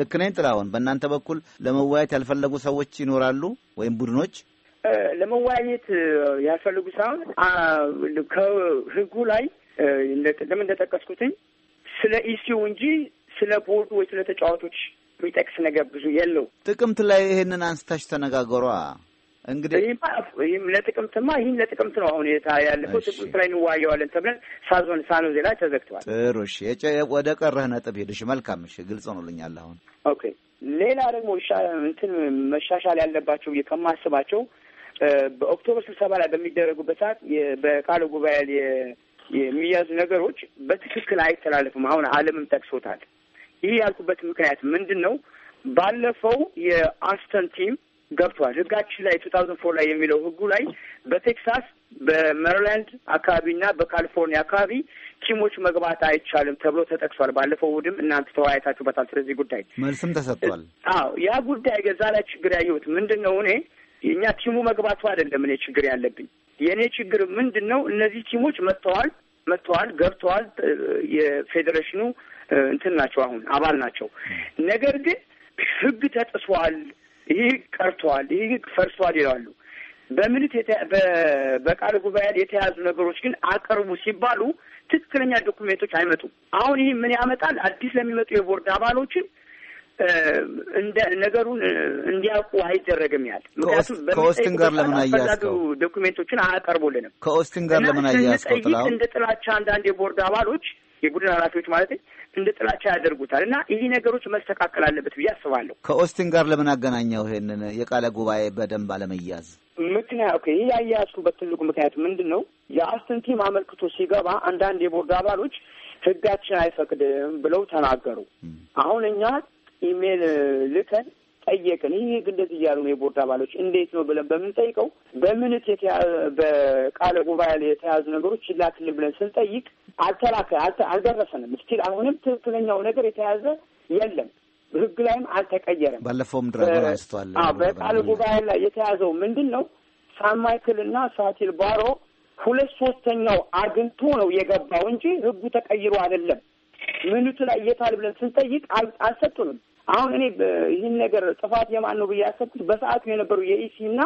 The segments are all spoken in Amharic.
ልክ ነኝ? ጥላሁን፣ በእናንተ በኩል ለመወያየት ያልፈለጉ ሰዎች ይኖራሉ ወይም ቡድኖች? ለመወያየት ያልፈለጉ ሳይሆን ከህጉ ላይ ለምን እንደጠቀስኩትኝ ስለ ኢሲዩ እንጂ ስለ ቦርዱ ወይ ስለ ተጫዋቾች የሚጠቅስ ነገር ብዙ የለው። ጥቅምት ላይ ይህንን አንስታች ተነጋገሯ እንግዲህ ይህም ለጥቅምትማ ይህም ለጥቅምት ነው። አሁን የታ ያለፈው ጥቅምት ላይ እንዋየዋለን ተብለን ሳዞን ሳኖዜ ላይ ተዘግተዋል። ጥሩ እሺ፣ ወደ ቀረህ ነጥብ ሄድሽ። መልካም እሺ፣ ግልጽ ሆኖልኛል። አሁን ኦኬ። ሌላ ደግሞ እንትን መሻሻል ያለባቸው ከማስባቸው በኦክቶበር ስብሰባ ላይ በሚደረጉበት ሰዓት በቃለ ጉባኤ የሚያዙ ነገሮች በትክክል አይተላለፍም። አሁን አለምም ጠቅሶታል። ይህ ያልኩበት ምክንያት ምንድን ነው? ባለፈው የአስተን ቲም ገብቷል። ህጋችን ላይ ቱ ታውዘንድ ፎር ላይ የሚለው ህጉ ላይ በቴክሳስ በሜሪላንድ አካባቢና በካሊፎርኒያ አካባቢ ቲሞች መግባት አይቻልም ተብሎ ተጠቅሷል። ባለፈው እሑድም እናንተ ተወያይታችሁበታል። ስለዚህ ጉዳይ መልስም ተሰጥቷል። አዎ ያ ጉዳይ ገዛ ላይ ችግር ያየሁት ምንድን ነው እኔ እኛ ቲሙ መግባቱ አይደለም እኔ ችግር ያለብኝ የእኔ ችግር ምንድን ነው እነዚህ ቲሞች መጥተዋል መጥተዋል ገብተዋል። የፌዴሬሽኑ እንትን ናቸው፣ አሁን አባል ናቸው። ነገር ግን ህግ ተጥሷል ይህ ቀርቷል፣ ይህ ፈርሷል ይላሉ። በምልት በቃል ጉባኤ የተያዙ ነገሮች ግን አቅርቡ ሲባሉ ትክክለኛ ዶኩሜንቶች አይመጡም። አሁን ይህ ምን ያመጣል? አዲስ ለሚመጡ የቦርድ አባሎችን እንደ ነገሩን እንዲያውቁ አይደረግም ያል ምክንያቱም ከኦስትን ጋር ለምን አያያዝከው? ዶኩሜንቶችን አያቀርቡልንም። ከኦስትን ጋር ለምን አያያዝከው? እንደ ጥላቻ አንዳንድ የቦርድ አባሎች የቡድን ኃላፊዎች ማለት እንደ ጥላቻ ያደርጉታል እና ይህ ነገሮች መስተካከል አለበት ብዬ አስባለሁ። ከኦስቲን ጋር ለምን አገናኘው ይሄንን የቃለ ጉባኤ በደንብ አለመያዝ? ምክንያቱ ይህ ያያያዝኩበት ትልቁ ምክንያት ምንድን ነው? የአስትን ቲም አመልክቶ ሲገባ አንዳንድ የቦርድ አባሎች ህጋችን አይፈቅድም ብለው ተናገሩ። አሁን እኛ ኢሜል ልከን ጠየቅን። ይህ እንደዚህ እያሉ ነው የቦርድ አባሎች እንዴት ነው ብለን በምንጠይቀው በምንት በቃለ ጉባኤ ላይ የተያዙ ነገሮች ይላክልን ብለን ስንጠይቅ አልተላከ አልደረሰንም። ስቲል አሁንም ትክክለኛው ነገር የተያዘ የለም። ህግ ላይም አልተቀየረም። ባለፈውም ድራጎን አንስተዋል። በቃለ ጉባኤ ላይ የተያዘው ምንድን ነው? ሳማይክል እና ሳቲል ባሮ ሁለት ሶስተኛው አግኝቶ ነው የገባው እንጂ ህጉ ተቀይሮ አይደለም። ምንቱ ላይ የታል ብለን ስንጠይቅ አልሰጡንም። አሁን እኔ ይህን ነገር ጥፋት የማን ነው ብዬ ያሰብኩት በሰዓቱ የነበሩ የኢሲ እና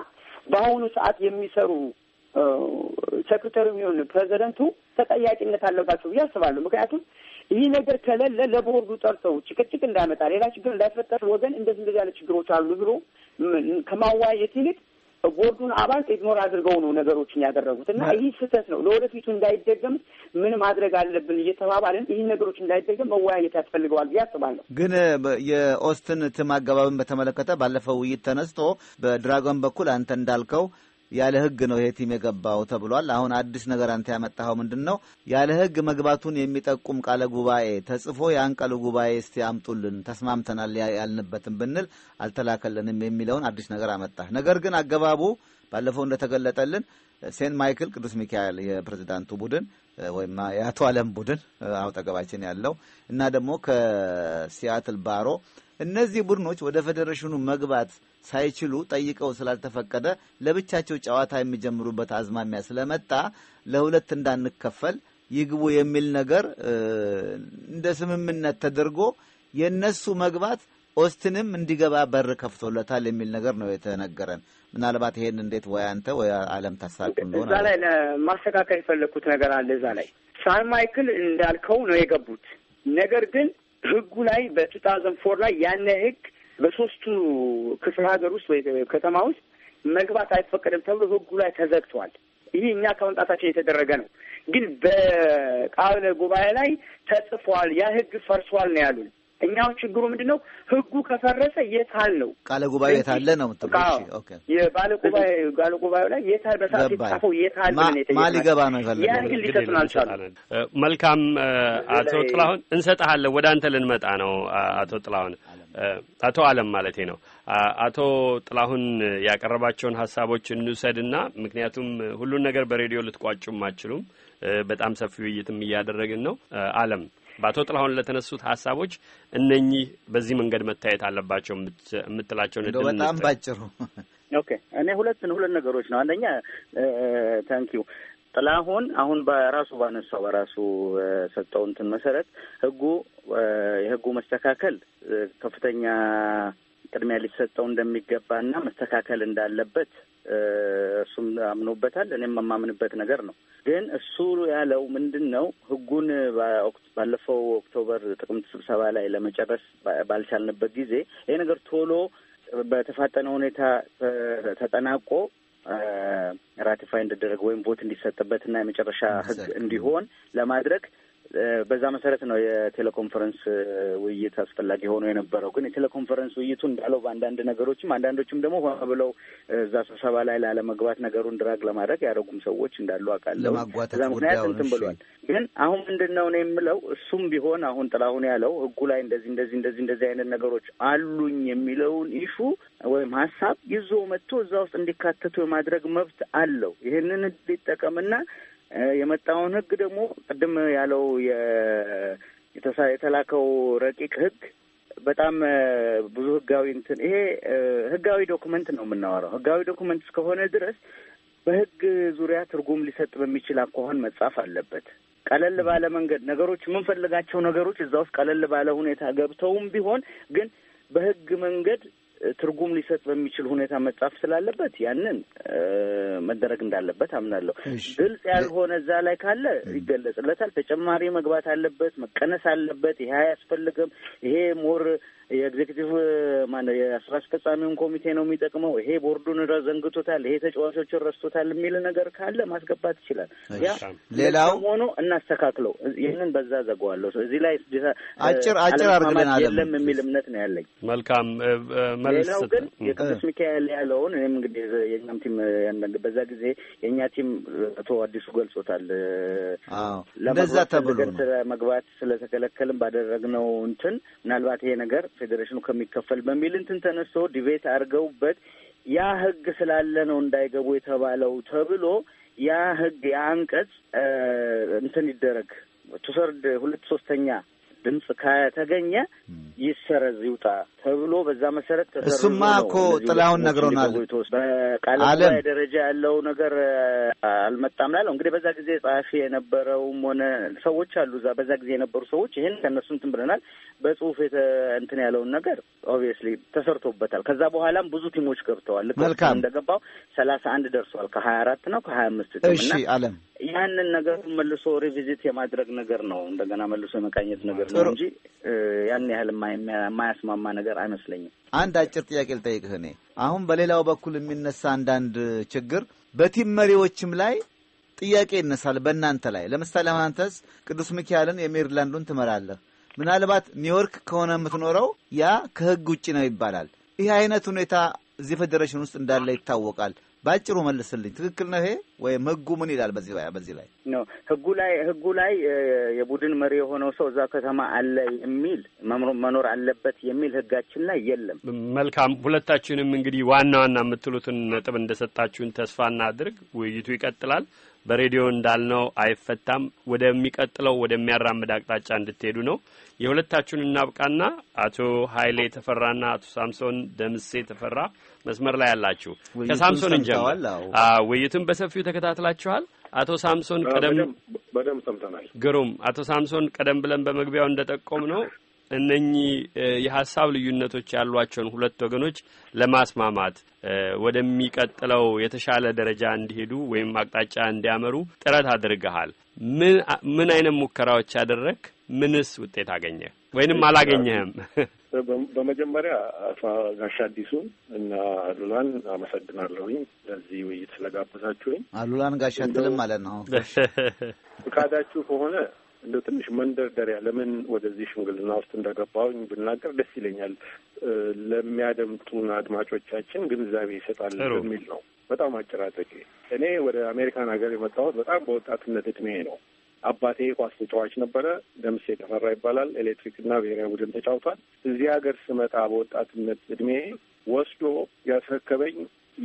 በአሁኑ ሰዓት የሚሰሩ ሴክሬታሪ የሚሆን ፕሬዚደንቱ ተጠያቂነት አለባቸው ብዬ አስባለሁ። ምክንያቱም ይህ ነገር ከሌለ ለቦርዱ ጠርተው ጭቅጭቅ እንዳመጣ ሌላ ችግር እንዳይፈጠር ወገን እንደዚህ እንደዚህ ያለ ችግሮች አሉ ብሎ ከማዋየት ይልቅ ቦርዱን አባል ኢግኖር አድርገው ነው ነገሮችን ያደረጉት እና ይህ ስህተት ነው። ለወደፊቱ እንዳይደገም ምን ማድረግ አለብን እየተባባልን ይህ ነገሮች እንዳይደገም መወያየት ያስፈልገዋል ብዬ አስባለሁ። ግን የኦስትን ትም አገባብን በተመለከተ ባለፈው ውይይት ተነስቶ በድራጎን በኩል አንተ እንዳልከው ያለ ህግ ነው ይሄ ቲም የገባው ተብሏል። አሁን አዲስ ነገር አንተ ያመጣኸው ምንድን ነው? ያለ ህግ መግባቱን የሚጠቁም ቃለ ጉባኤ ተጽፎ ያን ቃለ ጉባኤ እስቲ አምጡልን ተስማምተናል ያልንበትም ብንል አልተላከልንም የሚለውን አዲስ ነገር አመጣህ። ነገር ግን አገባቡ ባለፈው እንደተገለጠልን ሴንት ማይክል ቅዱስ ሚካኤል የፕሬዚዳንቱ ቡድን ወይም የአቶ አለም ቡድን አውጠገባችን ያለው እና ደግሞ ከሲያትል ባሮ እነዚህ ቡድኖች ወደ ፌዴሬሽኑ መግባት ሳይችሉ ጠይቀው ስላልተፈቀደ ለብቻቸው ጨዋታ የሚጀምሩበት አዝማሚያ ስለመጣ ለሁለት እንዳንከፈል ይግቡ የሚል ነገር እንደ ስምምነት ተደርጎ የእነሱ መግባት ኦስትንም እንዲገባ በር ከፍቶለታል የሚል ነገር ነው የተነገረን። ምናልባት ይሄን እንዴት ወይ አንተ ወይ አለም ታሳቅ እንደሆነ እዛ ላይ ማስተካከል የፈለግኩት ነገር አለ። እዛ ላይ ሳን ማይክል እንዳልከው ነው የገቡት። ነገር ግን ህጉ ላይ በቱ ታውዘንድ ፎር ላይ ያነ ህግ በሶስቱ ክፍለ ሀገር ውስጥ ወይ ከተማ ውስጥ መግባት አይፈቀድም ተብሎ ህጉ ላይ ተዘግቷል። ይህ እኛ ከመምጣታችን የተደረገ ነው። ግን በቃለ ጉባኤ ላይ ተጽፏል። ያ ህግ ፈርሷል ነው ያሉን። እኛው ችግሩ ምንድን ነው? ህጉ ከፈረሰ የታል ነው ቃለ ጉባኤ የታለ ነው የባለ ጉባኤ ቃለ ጉባኤ ላይ የታል በሰዓት የተጻፈው የታል ማ ሊገባ ነው ይፈለ ያን ግን ሊሰጡን አልቻሉ። መልካም አቶ ጥላሁን እንሰጥሃለን። ወደ አንተ ልንመጣ ነው አቶ ጥላሁን አቶ አለም ማለቴ ነው። አቶ ጥላሁን ያቀረባቸውን ሀሳቦች እንውሰድና ምክንያቱም ሁሉን ነገር በሬዲዮ ልትቋጩም አችሉም። በጣም ሰፊ ውይይትም እያደረግን ነው። አለም በአቶ ጥላሁን ለተነሱት ሀሳቦች እነኚህ በዚህ መንገድ መታየት አለባቸው የምትላቸው በጣም ባጭሩ ኦኬ እኔ ሁለት ሁለት ነገሮች ነው። አንደኛ ታንኪዩ ጥላሁን አሁን በራሱ ባነሳው በራሱ ሰጠው እንትን መሰረት ህጉ የህጉ መስተካከል ከፍተኛ ቅድሚያ ሊሰጠው እንደሚገባና መስተካከል እንዳለበት እሱም አምኖበታል። እኔም የማምንበት ነገር ነው። ግን እሱ ያለው ምንድን ነው? ህጉን ባለፈው ኦክቶበር ጥቅምት ስብሰባ ላይ ለመጨረስ ባልቻልንበት ጊዜ ይሄ ነገር ቶሎ በተፋጠነ ሁኔታ ተጠናቆ ራቲፋይ እንደደረገ ወይም እንዲሰጥበት እንዲሰጥበትና የመጨረሻ ህግ እንዲሆን ለማድረግ በዛ መሰረት ነው የቴሌኮንፈረንስ ውይይት አስፈላጊ ሆኖ የነበረው። ግን የቴሌኮንፈረንስ ውይይቱ እንዳለው በአንዳንድ ነገሮችም አንዳንዶችም ደግሞ ሆነ ብለው እዛ ስብሰባ ላይ ላለመግባት ነገሩን ድራግ ለማድረግ ያደረጉም ሰዎች እንዳሉ አውቃለሁ። ምክንያት እንትን ብሏል። ግን አሁን ምንድን ነው ነው የምለው እሱም ቢሆን አሁን ጥላሁን ያለው ህጉ ላይ እንደዚህ እንደዚህ እንደዚህ እንደዚህ አይነት ነገሮች አሉኝ የሚለውን ኢሹ ወይም ሀሳብ ይዞ መጥቶ እዛ ውስጥ እንዲካተቱ የማድረግ መብት አለው። ይህንን ሊጠቀምና የመጣውን ህግ ደግሞ ቅድም ያለው የተላከው ረቂቅ ህግ በጣም ብዙ ህጋዊ እንትን ይሄ ህጋዊ ዶኩመንት ነው የምናወራው። ህጋዊ ዶኩመንት እስከሆነ ድረስ በህግ ዙሪያ ትርጉም ሊሰጥ በሚችል አኳኋን መጻፍ አለበት። ቀለል ባለ መንገድ ነገሮች የምንፈልጋቸው ነገሮች እዛ ውስጥ ቀለል ባለ ሁኔታ ገብተውም ቢሆን ግን በህግ መንገድ ትርጉም ሊሰጥ በሚችል ሁኔታ መጻፍ ስላለበት ያንን መደረግ እንዳለበት አምናለሁ። ግልጽ ያልሆነ እዛ ላይ ካለ ይገለጽለታል። ተጨማሪ መግባት አለበት፣ መቀነስ አለበት፣ ይሄ አያስፈልግም፣ ይሄ ሞር የኤግዜክቲቭ ማነው የስራ አስፈጻሚውን ኮሚቴ ነው የሚጠቅመው፣ ይሄ ቦርዱን ዘንግቶታል፣ ይሄ ተጫዋቾችን ረስቶታል የሚል ነገር ካለ ማስገባት ይችላል። ያ ሌላው ሆኖ እናስተካክለው። ይህንን በዛ ዘገዋለሁ። እዚህ ላይ አጭር አጭር አድርገን የለም የሚል እምነት ነው ያለኝ። መልካም። ሌላው ግን የቅዱስ ሚካኤል ያለውን እኔም እንግዲህ የኛም ቲም ያንዳንድ በዛ ጊዜ የእኛ ቲም አቶ አዲሱ ገልጾታል። ለመግባት ተብሎ መግባት ስለተከለከልን ባደረግነው እንትን ምናልባት ይሄ ነገር ፌዴሬሽኑ ከሚከፈል በሚል እንትን ተነስቶ ዲቤት አድርገውበት ያ ህግ ስላለ ነው እንዳይገቡ የተባለው ተብሎ ያ ህግ የአንቀጽ እንትን ይደረግ ቱሰርድ ሁለት ሶስተኛ ድምፅ ከተገኘ ይሰረዝ ይውጣ ተብሎ በዛ መሰረት ተሰረ። እሱማ እኮ ጥላሁን ነግሮናል። በቃለ ደረጃ ያለው ነገር አልመጣም ላለው እንግዲህ በዛ ጊዜ ጸሐፊ የነበረውም ሆነ ሰዎች አሉ እዛ በዛ ጊዜ የነበሩ ሰዎች ይህን ከእነሱ እንትን ብለናል በጽሁፍ እንትን ያለውን ነገር ኦብቪየስሊ ተሰርቶበታል። ከዛ በኋላም ብዙ ቲሞች ገብተዋል። ልክ እንደገባው ሰላሳ አንድ ደርሷል። ከሀያ አራት ነው ከሀያ አምስት እሺ አለም ያንን ነገር መልሶ ሪቪዚት የማድረግ ነገር ነው እንደገና መልሶ የመቃኘት ነገር ነው እንጂ ያን ያህል የማያስማማ ነገር አይመስለኝም። አንድ አጭር ጥያቄ ልጠይቅህ። እኔ አሁን በሌላው በኩል የሚነሳ አንዳንድ ችግር በቲም መሪዎችም ላይ ጥያቄ ይነሳል። በእናንተ ላይ ለምሳሌ አንተስ ቅዱስ ሚካኤልን የሜሪላንዱን ትመራለህ ምናልባት ኒውዮርክ ከሆነ የምትኖረው ያ ከህግ ውጭ ነው ይባላል። ይህ አይነት ሁኔታ እዚህ ፌዴሬሽን ውስጥ እንዳለ ይታወቃል። ባጭሩ መልስልኝ። ትክክል ነው ይሄ ወይም ህጉ ምን ይላል? በዚህ ላይ በዚህ ላይ ህጉ ላይ ህጉ ላይ የቡድን መሪ የሆነው ሰው እዛ ከተማ አለ የሚል መኖር አለበት የሚል ህጋችን ላይ የለም። መልካም ሁለታችሁንም እንግዲህ ዋና ዋና የምትሉትን ነጥብ እንደሰጣችሁን ተስፋ እናድርግ። ውይይቱ ይቀጥላል። በሬዲዮ እንዳልነው አይፈታም። ወደሚቀጥለው ወደሚያራምድ አቅጣጫ እንድትሄዱ ነው። የሁለታችሁን እናብቃና አቶ ሀይሌ ተፈራና አቶ ሳምሶን ደምሴ ተፈራ መስመር ላይ ያላችሁ ከሳምሶን እንጀምር። ውይይቱን በሰፊው ተከታትላችኋል። አቶ ሳምሶን ቀደም በደንብ ሰምተናል። ግሩም። አቶ ሳምሶን ቀደም ብለን በመግቢያው እንደጠቆም ነው እነኚህ የሀሳብ ልዩነቶች ያሏቸውን ሁለት ወገኖች ለማስማማት ወደሚቀጥለው የተሻለ ደረጃ እንዲሄዱ ወይም አቅጣጫ እንዲያመሩ ጥረት አድርገሃል። ምን አይነት ሙከራዎች አደረግ? ምንስ ውጤት አገኘህ? ወይንም አላገኘህም። በመጀመሪያ አቶ ጋሽ አዲሱን እና አሉላን አመሰግናለሁኝ ለዚህ ውይይት ስለጋበዛችሁኝ። አሉላን ጋሽ አትልም ማለት ነው። ፍቃዳችሁ ከሆነ እንደ ትንሽ መንደርደሪያ ለምን ወደዚህ ሽምግልና ውስጥ እንደገባሁኝ ብናገር ደስ ይለኛል። ለሚያደምጡን አድማጮቻችን ግንዛቤ ይሰጣል በሚል ነው። በጣም አጭር እኔ ወደ አሜሪካን ሀገር የመጣሁት በጣም በወጣትነት እድሜ ነው። አባቴ ኳስ ተጫዋች ነበረ። ደምሴ ተፈራ ይባላል። እና ብሔራዊ ቡድን ተጫውቷል። እዚህ ሀገር ስመጣ በወጣትነት እድሜ ወስዶ ያስረከበኝ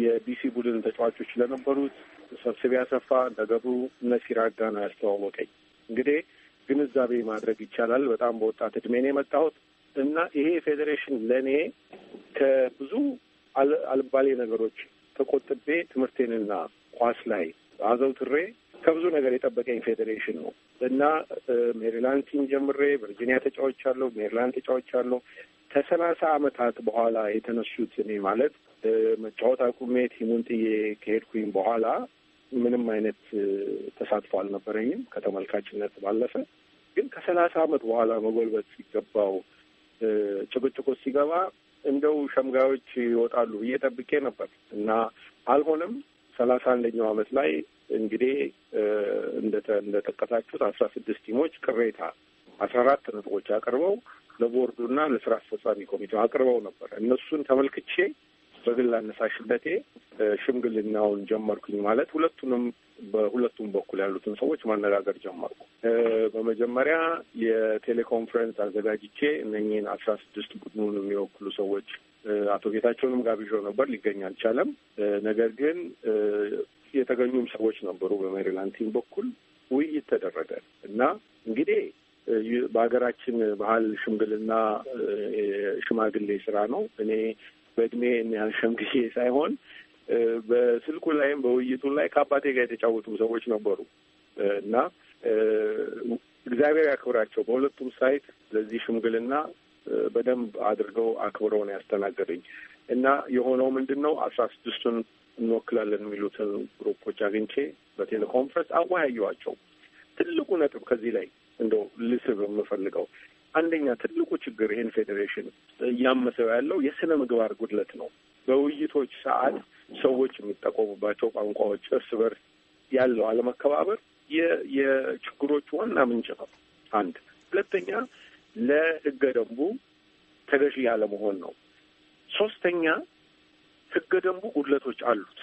የቢሲ ቡድን ተጫዋቾች ለነበሩት ሰብስቤ ያሰፋ ነገሩ፣ እነ ሲራጋ ነው ያስተዋወቀኝ። እንግዲህ ግንዛቤ ማድረግ ይቻላል። በጣም በወጣት እድሜ ነው የመጣሁት እና ይሄ ፌዴሬሽን ለእኔ ከብዙ አልባሌ ነገሮች ተቆጥቤ ትምህርቴንና ኳስ ላይ አዘውትሬ ከብዙ ነገር የጠበቀኝ ፌዴሬሽን ነው እና ሜሪላንድ ቲም ጀምሬ ቨርጂኒያ ተጫዋች አለው፣ ሜሪላንድ ተጫዋች አለው። ከሰላሳ አመታት በኋላ የተነሱት እኔ ማለት መጫወት አቁሜ ቲሙን ጥዬ ከሄድኩኝ በኋላ ምንም አይነት ተሳትፎ አልነበረኝም ከተመልካችነት ባለፈ። ግን ከሰላሳ አመት በኋላ መጎልበት ሲገባው ጭቅጭቁ ሲገባ እንደው ሸምጋዮች ይወጣሉ ብዬ ጠብቄ ነበር እና አልሆነም። ሰላሳ አንደኛው አመት ላይ እንግዲህ እንደጠቀሳችሁት አስራ ስድስት ቲሞች ቅሬታ አስራ አራት ነጥቦች አቅርበው ለቦርዱና ለስራ አስፈጻሚ ኮሚቴው አቅርበው ነበር። እነሱን ተመልክቼ በግል አነሳሽነቴ ሽምግልናውን ጀመርኩኝ። ማለት ሁለቱንም በሁለቱም በኩል ያሉትን ሰዎች ማነጋገር ጀመርኩ። በመጀመሪያ የቴሌኮንፈረንስ አዘጋጅቼ እነኚህን አስራ ስድስት ቡድኑን የሚወክሉ ሰዎች አቶ ጌታቸውንም ጋብዣው ነበር፣ ሊገኝ አልቻለም። ነገር ግን የተገኙም ሰዎች ነበሩ። በሜሪላንድ ቲም በኩል ውይይት ተደረገ እና እንግዲህ በሀገራችን ባህል ሽምግልና ሽማግሌ ስራ ነው። እኔ በእድሜ ያህል ጊዜ ሳይሆን በስልኩ ላይም በውይይቱ ላይ ከአባቴ ጋር የተጫወቱም ሰዎች ነበሩ እና እግዚአብሔር ያክብራቸው። በሁለቱም ሳይት ለዚህ ሽምግልና በደንብ አድርገው አክብረውን ያስተናገደኝ እና የሆነው ምንድን ነው አስራ ስድስቱን እንወክላለን የሚሉት ግሩፖች አግኝቼ በቴሌኮንፈረንስ አወያየዋቸው። ትልቁ ነጥብ ከዚህ ላይ እንደው ልስብ የምፈልገው አንደኛ ትልቁ ችግር ይህን ፌዴሬሽን እያመሰው ያለው የስነ ምግባር ጉድለት ነው። በውይይቶች ሰዓት ሰዎች የሚጠቆሙባቸው ቋንቋዎች፣ እርስ በርስ ያለው አለመከባበር የችግሮቹ ዋና ምንጭ ነው። አንድ ሁለተኛ ለህገ ደንቡ ተገዢ ያለመሆን ነው። ሶስተኛ ህገ ደንቡ ጉድለቶች አሉት።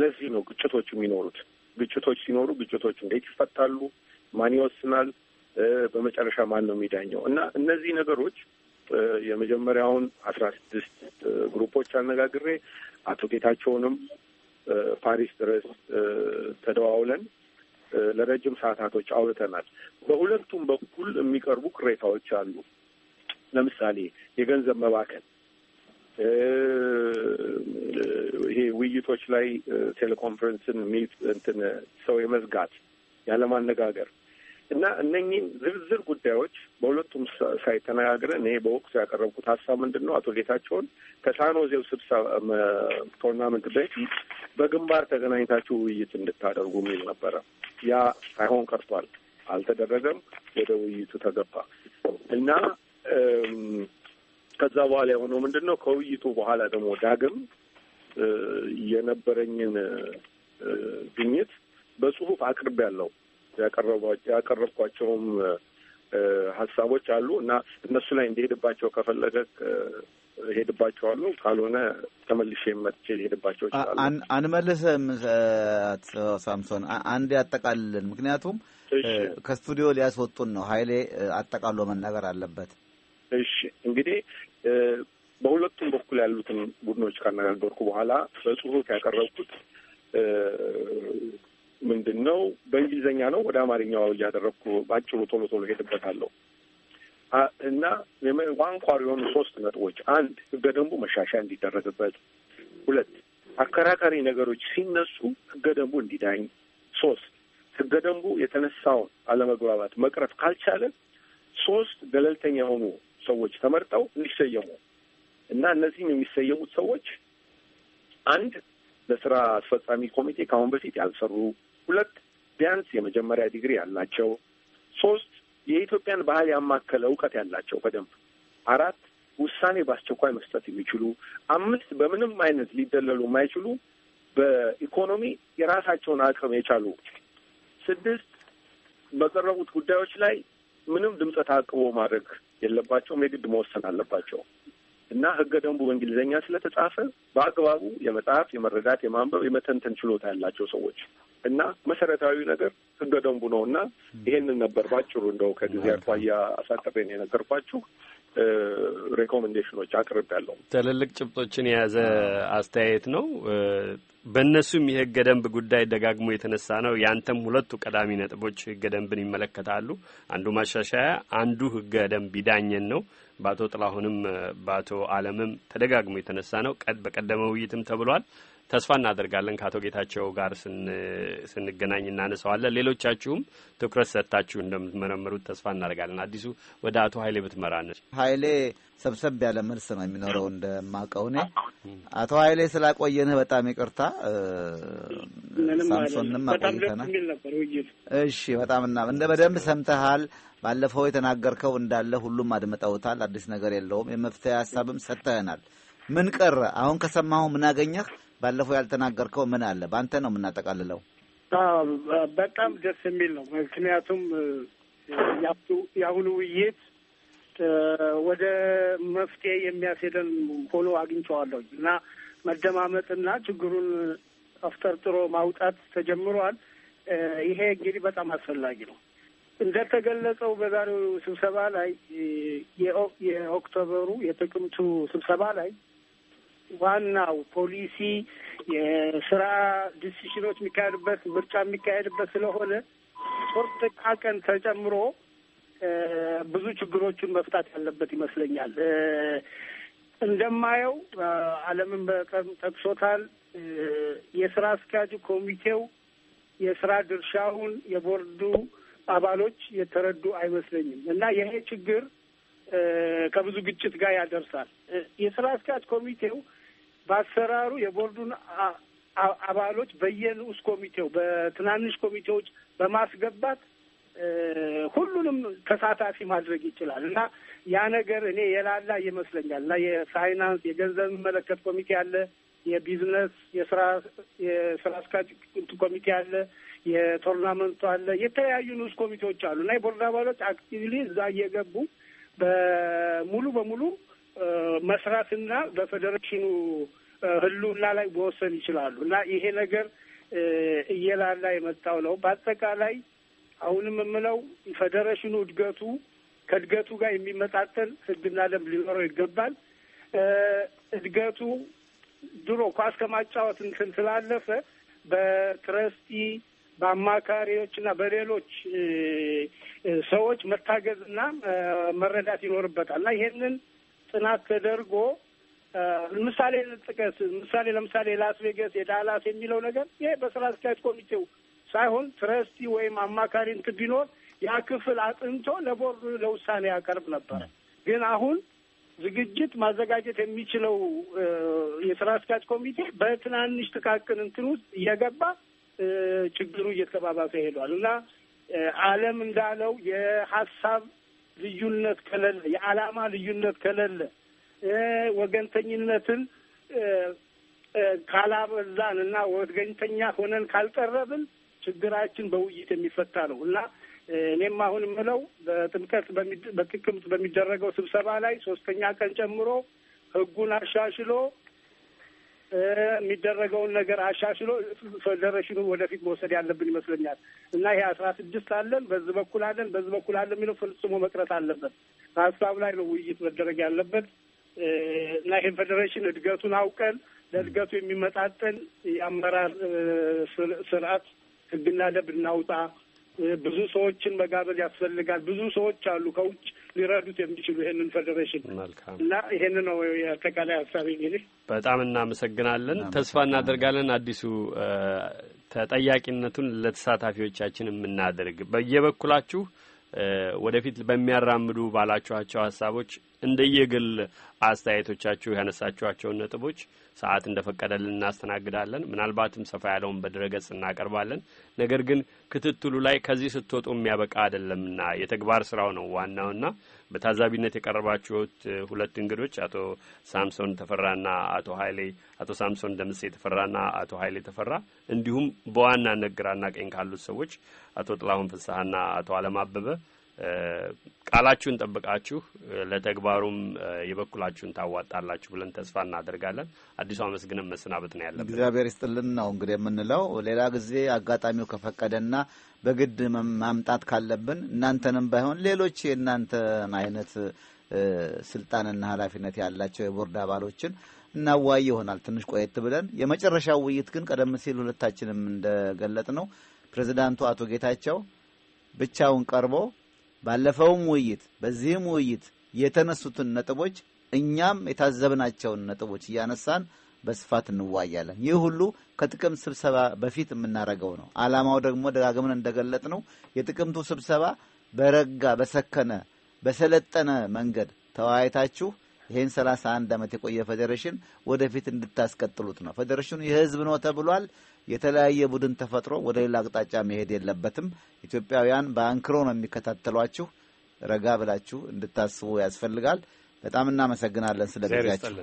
ለዚህ ነው ግጭቶች የሚኖሩት። ግጭቶች ሲኖሩ ግጭቶች እንዴት ይፈታሉ? ማን ይወስናል? በመጨረሻ ማን ነው የሚዳኘው? እና እነዚህ ነገሮች የመጀመሪያውን አስራ ስድስት ግሩፖች አነጋግሬ አቶ ጌታቸውንም ፓሪስ ድረስ ተደዋውለን ለረጅም ሰዓታቶች አውርተናል። በሁለቱም በኩል የሚቀርቡ ቅሬታዎች አሉ። ለምሳሌ የገንዘብ መባከን ይሄ ውይይቶች ላይ ቴሌኮንፈረንስን ሚት እንትን ሰው የመዝጋት ያለማነጋገር እና እነኚህን ዝርዝር ጉዳዮች በሁለቱም ሳይት ተነጋግረን እኔ በወቅቱ ያቀረብኩት ሀሳብ ምንድን ነው? አቶ ጌታቸውን ከሳኖዜው ስብሰባ ቶርናመንት በፊት በግንባር ተገናኝታችሁ ውይይት እንድታደርጉ የሚል ነበረ። ያ ሳይሆን ቀርቷል፣ አልተደረገም። ወደ ውይይቱ ተገባ እና ከዛ በኋላ የሆነው ምንድን ነው? ከውይይቱ በኋላ ደግሞ ዳግም የነበረኝን ግኝት በጽሁፍ አቅርብ ያለው ያቀረብኳቸውም ሀሳቦች አሉ እና እነሱ ላይ እንደሄድባቸው ከፈለገ ሄድባቸዋሉ፣ ካልሆነ ተመልሼ መጥቼ ሄድባቸው ይችላሉ። አንመልስም። ሳምሶን አንድ ያጠቃልልን፣ ምክንያቱም ከስቱዲዮ ሊያስወጡን ነው። ሀይሌ አጠቃሎ መናገር አለበት። እሺ እንግዲህ በሁለቱም በኩል ያሉትን ቡድኖች ካነጋገርኩ በኋላ በጽሁፍ ያቀረብኩት ምንድን ነው፣ በእንግሊዝኛ ነው። ወደ አማርኛው እያደረግኩ በአጭሩ ቶሎ ቶሎ ሄድበታለሁ እና ዋንኳር የሆኑ ሶስት ነጥቦች፣ አንድ ህገ ደንቡ መሻሻያ እንዲደረግበት፣ ሁለት አከራካሪ ነገሮች ሲነሱ ህገ ደንቡ እንዲዳኝ፣ ሶስት ህገ ደንቡ የተነሳውን አለመግባባት መቅረፍ ካልቻለ ሶስት ገለልተኛ የሆኑ ሰዎች ተመርጠው እንዲሰየሙ እና እነዚህም የሚሰየሙት ሰዎች አንድ ለስራ አስፈጻሚ ኮሚቴ ከአሁን በፊት ያልሰሩ፣ ሁለት ቢያንስ የመጀመሪያ ዲግሪ ያላቸው፣ ሶስት የኢትዮጵያን ባህል ያማከለ እውቀት ያላቸው በደንብ አራት ውሳኔ በአስቸኳይ መስጠት የሚችሉ፣ አምስት በምንም አይነት ሊደለሉ የማይችሉ በኢኮኖሚ የራሳቸውን አቅም የቻሉ፣ ስድስት በቀረቡት ጉዳዮች ላይ ምንም ድምፀ ተአቅቦ ማድረግ የለባቸውም፣ የግድ መወሰን አለባቸው እና ህገ ደንቡ በእንግሊዝኛ ስለተጻፈ በአግባቡ የመጽሐፍ የመረዳት የማንበብ የመተንተን ችሎታ ያላቸው ሰዎች እና መሰረታዊ ነገር ህገ ደንቡ ነው እና ይሄንን ነበር ባጭሩ እንደው ከጊዜ አኳያ አሳጥሬን የነገርኳችሁ ሬኮሜንዴሽኖች አቅርብ ያለው ትልልቅ ጭብጦችን የያዘ አስተያየት ነው። በእነሱም የህገ ደንብ ጉዳይ ደጋግሞ የተነሳ ነው። ያንተም ሁለቱ ቀዳሚ ነጥቦች ህገ ደንብን ይመለከታሉ። አንዱ ማሻሻያ፣ አንዱ ህገ ደንብ ይዳኘን ነው። በአቶ ጥላሁንም በአቶ አለምም ተደጋግሞ የተነሳ ነው። ቀድ በቀደመ ውይይትም ተብሏል። ተስፋ እናደርጋለን ከአቶ ጌታቸው ጋር ስንገናኝ እናነሳዋለን። ሌሎቻችሁም ትኩረት ሰጥታችሁ እንደምትመረምሩት ተስፋ እናደርጋለን። አዲሱ ወደ አቶ ኃይሌ ብትመራ ነች ኃይሌ ሰብሰብ ያለ መልስ ነው የሚኖረው እንደማውቀው እኔ አቶ ኃይሌ ስላቆየንህ በጣም ይቅርታ። ሳምሶንም አቆይተናል። እሺ በጣም እና እንደ በደንብ ሰምተሃል። ባለፈው የተናገርከው እንዳለ ሁሉም አድምጠውታል። አዲስ ነገር የለውም። የመፍትሄ ሀሳብም ሰጥተህናል። ምን ቀረ? አሁን ከሰማሁ ምን አገኘህ? ባለፈው ያልተናገርከው ምን አለ? በአንተ ነው የምናጠቃልለው። በጣም ደስ የሚል ነው። ምክንያቱም የአሁኑ ውይይት ወደ መፍትሄ የሚያስሄደን ሆኖ አግኝቸዋለሁ። እና መደማመጥና ችግሩን አፍጠርጥሮ ማውጣት ተጀምሯል። ይሄ እንግዲህ በጣም አስፈላጊ ነው። እንደተገለጸው በዛሬው ስብሰባ ላይ የኦክቶበሩ የጥቅምቱ ስብሰባ ላይ ዋናው ፖሊሲ የስራ ዲሲሽኖች የሚካሄዱበት ምርጫ የሚካሄድበት ስለሆነ ሶስተኛ ቀን ተጨምሮ ብዙ ችግሮችን መፍታት ያለበት ይመስለኛል። እንደማየው ዓለምን በቀም ጠቅሶታል። የስራ አስኪያጁ ኮሚቴው የስራ ድርሻውን የቦርዱ አባሎች የተረዱ አይመስለኝም እና ይሄ ችግር ከብዙ ግጭት ጋር ያደርሳል። የስራ አስኪያጅ ኮሚቴው በአሰራሩ የቦርዱን አባሎች በየንዑስ ኮሚቴው በትናንሽ ኮሚቴዎች በማስገባት ሁሉንም ተሳታፊ ማድረግ ይችላል እና ያ ነገር እኔ የላላ ይመስለኛል እና የፋይናንስ የገንዘብ የሚመለከት ኮሚቴ አለ፣ የቢዝነስ የስራ የስራ አስኪያጅ ኮሚቴ አለ፣ የቶርናመንቱ አለ፣ የተለያዩ ንዑስ ኮሚቴዎች አሉ እና የቦርድ አባሎች አክቲቪሊ እዛ እየገቡ በሙሉ በሙሉ መስራትና በፌዴሬሽኑ ህልውና ላይ መወሰን ይችላሉ እና ይሄ ነገር እየላላ የመጣው ነው። በአጠቃላይ አሁንም የምለው ፌዴሬሽኑ እድገቱ ከእድገቱ ጋር የሚመጣጠን ህግና ደንብ ሊኖረው ይገባል። እድገቱ ድሮ ኳስ ከማጫወት እንትን ስላለፈ በትረስቲ በአማካሪዎች እና በሌሎች ሰዎች መታገዝ እና መረዳት ይኖርበታል እና ይሄንን ጥናት ተደርጎ ምሳሌ ጥቀስ ምሳሌ ለምሳሌ ላስ ቬገስ የዳላስ የሚለው ነገር ይሄ በስራ አስኪያጅ ኮሚቴው ሳይሆን ትረስቲ ወይም አማካሪ እንትን ቢኖር ያ ክፍል አጥንቶ ለቦርዱ ለውሳኔ ያቀርብ ነበር ግን አሁን ዝግጅት ማዘጋጀት የሚችለው የስራ አስኪያጅ ኮሚቴ በትናንሽ ጥቃቅን እንትን ውስጥ እየገባ ችግሩ እየተባባሰ ሄዷል እና ዓለም እንዳለው የሀሳብ ልዩነት ከሌለ፣ የዓላማ ልዩነት ከሌለ፣ ወገንተኝነትን ካላበዛን እና ወገንተኛ ሆነን ካልቀረብን ችግራችን በውይይት የሚፈታ ነው እና እኔም አሁን የምለው በጥምቀት በጥቅምት በሚደረገው ስብሰባ ላይ ሶስተኛ ቀን ጨምሮ ህጉን አሻሽሎ የሚደረገውን ነገር አሻሽሎ ፌዴሬሽኑ ወደፊት መውሰድ ያለብን ይመስለኛል እና ይሄ አስራ ስድስት አለን በዚህ በኩል አለን በዚህ በኩል አለን የሚለው ፈጽሞ መቅረት አለበት። ሀሳብ ላይ ነው ውይይት መደረግ ያለበት እና ይህን ፌዴሬሽን እድገቱን አውቀን ለእድገቱ የሚመጣጠን የአመራር ስርዓት ህግና ደንብ እናውጣ። ብዙ ሰዎችን መጋበዝ ያስፈልጋል። ብዙ ሰዎች አሉ ከውጭ ሊረዱት የሚችሉ ይሄንን ፌዴሬሽን እና ይሄን ነው የአጠቃላይ ሀሳቤ። እንግዲህ በጣም እናመሰግናለን። ተስፋ እናደርጋለን አዲሱ ተጠያቂነቱን ለተሳታፊዎቻችን የምናደርግ በየበኩላችሁ ወደፊት በሚያራምዱ ባላችኋቸው ሀሳቦች እንደየግል አስተያየቶቻችሁ ያነሳችኋቸውን ነጥቦች ሰዓት እንደፈቀደልን እናስተናግዳለን። ምናልባትም ሰፋ ያለውን በድረገጽ እናቀርባለን። ነገር ግን ክትትሉ ላይ ከዚህ ስትወጡ የሚያበቃ አይደለምና የተግባር ስራው ነው ዋናውና በታዛቢነት የቀረባችሁት ሁለት እንግዶች አቶ ሳምሶን ተፈራና አቶ ሀይሌ አቶ ሳምሶን ደምሴ ተፈራና አቶ ሀይሌ ተፈራ እንዲሁም በዋናነት ግራና ቀኝ ካሉት ሰዎች አቶ ጥላሁን ፍስሀና አቶ አለም አበበ ቃላችሁን ጠብቃችሁ ለተግባሩም የበኩላችሁን ታዋጣላችሁ ብለን ተስፋ እናደርጋለን። አዲሱ አመስግነን መሰናበት ነው ያለብን። እግዚአብሔር ይስጥልን ነው እንግዲህ የምንለው። ሌላ ጊዜ አጋጣሚው ከፈቀደና በግድ ማምጣት ካለብን እናንተንም ባይሆን ሌሎች የእናንተን አይነት ስልጣንና ኃላፊነት ያላቸው የቦርድ አባሎችን እናዋይ ይሆናል ትንሽ ቆየት ብለን። የመጨረሻው ውይይት ግን ቀደም ሲል ሁለታችንም እንደገለጥ ነው ፕሬዚዳንቱ አቶ ጌታቸው ብቻውን ቀርቦ ባለፈውም ውይይት በዚህም ውይይት የተነሱትን ነጥቦች እኛም የታዘብናቸውን ነጥቦች እያነሳን በስፋት እንዋያለን። ይህ ሁሉ ከጥቅም ስብሰባ በፊት የምናደርገው ነው። ዓላማው ደግሞ ደጋግመን እንደገለጥ ነው የጥቅምቱ ስብሰባ በረጋ በሰከነ በሰለጠነ መንገድ ተወያይታችሁ ይህን ሰላሳ አንድ ዓመት የቆየ ፌዴሬሽን ወደፊት እንድታስቀጥሉት ነው። ፌዴሬሽኑ የህዝብ ነው ተብሏል። የተለያየ ቡድን ተፈጥሮ ወደ ሌላ አቅጣጫ መሄድ የለበትም። ኢትዮጵያውያን በአንክሮ ነው የሚከታተሏችሁ። ረጋ ብላችሁ እንድታስቡ ያስፈልጋል። በጣም እናመሰግናለን ስለ ጊዜያችሁ።